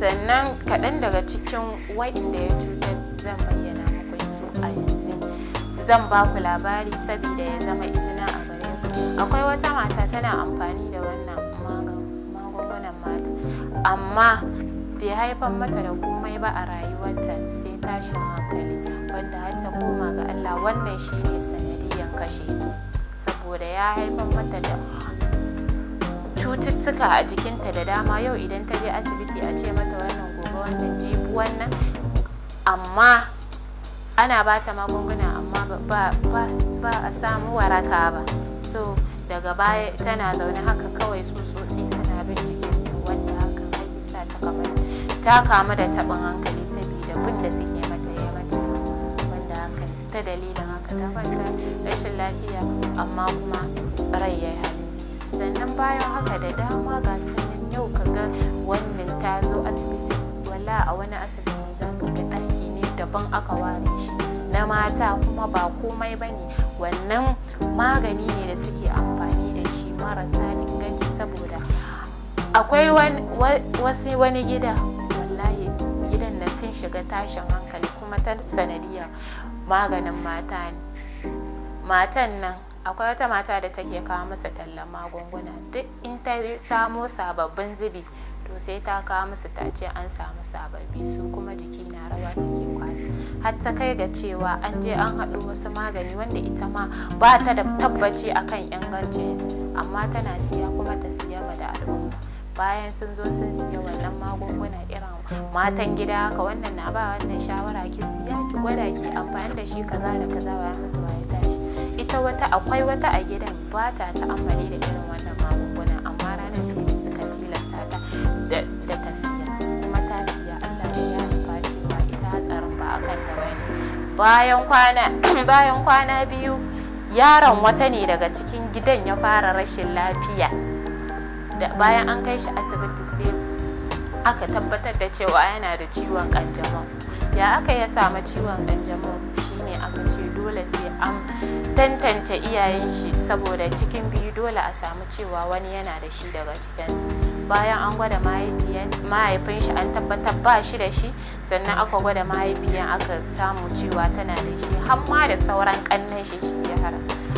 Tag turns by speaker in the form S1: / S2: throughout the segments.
S1: sannan kaɗan daga cikin waɗanda ya cutar zan bayyana muku su a yanzu zan ba ku labari saboda ya zama izina a gare ku akwai wata mata tana amfani da wannan magungunan mata amma bai haifar mata da komai ba a rayuwarta sai tashin hankali wanda har ta koma ga Allah wannan shine sanadiyan kashe saboda ya haifar mata da cututtuka a jikinta da dama yau idan ta je asibiti a ce mata wannan gobe wannan jibi wannan amma ana ba ta magunguna amma ba, a samu waraka ba so daga baya tana zaune haka kawai su sosai suna bin jikin wanda haka sa ta kamar ta kamu da taɓin hankali saboda bin da suke mata ya mata wanda haka ta dalilin haka ta fanta rashin lafiya amma kuma rai ya yi sannan bayan haka da dama ga sannan yau kaga wannan ta zo asibiti wala a wani asibiti za ka ga ɗaki ne daban aka ware shi na mata kuma ba komai ba ne wannan magani ne da suke amfani da shi marasa inganci saboda akwai wasu wani gida wallahi gidan na sun shiga tashin hankali kuma ta sanadiyar maganin mata ne matan nan akwai wata mata da take kawo masa tallan magunguna duk in ta samo sababbin zubi to sai ta kawo musu ta ce an samu sababbi su kuma jiki na rawa suke kwasa har ta kai ga cewa an je an haɗu wasu magani wanda ita ma ba ta da tabbaci akan ingancin amma tana siya kuma ta siya ma da al'umma bayan sun zo sun siya wannan magunguna irin matan gida haka wannan na ba wannan shawara ki siya ki gwada ki amfani da shi kaza da kaza bayan mutuwa ya ita wata akwai wata a gidan ba ta amfani da irin wannan magunguna amma ranar sai suka tilasta ta da ta siya kuma ta siya Allah ya nufa cewa ita hatsarin ba akan ta bane bayan kwana bayan kwana biyu yaron wata ne daga cikin gidan ya fara rashin lafiya da bayan an kai shi asibiti sai aka tabbatar da cewa yana da ciwon kanjamau ya aka ya samu ciwon kanjamau shine aka ce dole sai an tantance iyayen shi saboda cikin biyu dole a samu cewa wani yana da shi daga cikinsu bayan an gwada mahaifin shi an tabbatar ba shi da shi sannan aka gwada mahaifiyan aka samu cewa tana da shi har da sauran kannan shi shi ya hara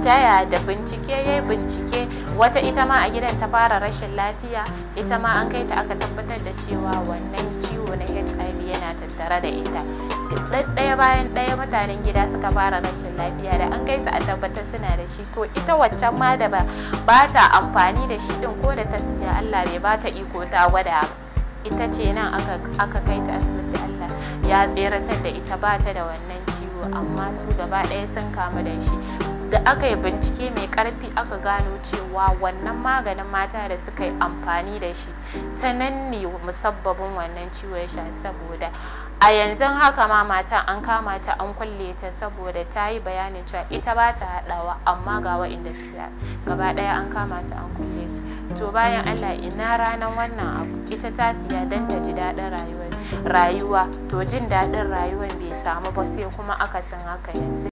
S1: taya da bincike ya yi bincike wata ita ma a gidan ta fara rashin lafiya ita ma an kai ta aka tabbatar da cewa wannan ciwo na hiv yana tattare da ita ɗaya bayan ɗaya mutanen gida suka fara rashin lafiya da an kai su a tabbatar suna da shi ko ita waccan ma da ba ta amfani da shi ɗin ko da ta siya allah bai ba ta iko ta gwada ita ce nan aka kai ta asibiti allah ya tseratar da ita ba ta da wannan ciwo amma su gaba ɗaya sun kamu da shi da aka yi bincike mai karfi aka gano cewa wannan maganin mata da suka yi amfani da shi ta nan ne musabbabin wannan ciwon ya sha saboda a yanzu haka ma mata an kama ta an kulle ta saboda ta yi bayanin cewa ita ba ta haɗawa amma ga wa'inda ya gaba ɗaya an kama su an kulle su to bayan allah ina ranar wannan abu ita ta siya don ta ji daɗin rayuwa to jin daɗin rayuwar bai samu ba sai kuma aka san haka yanzu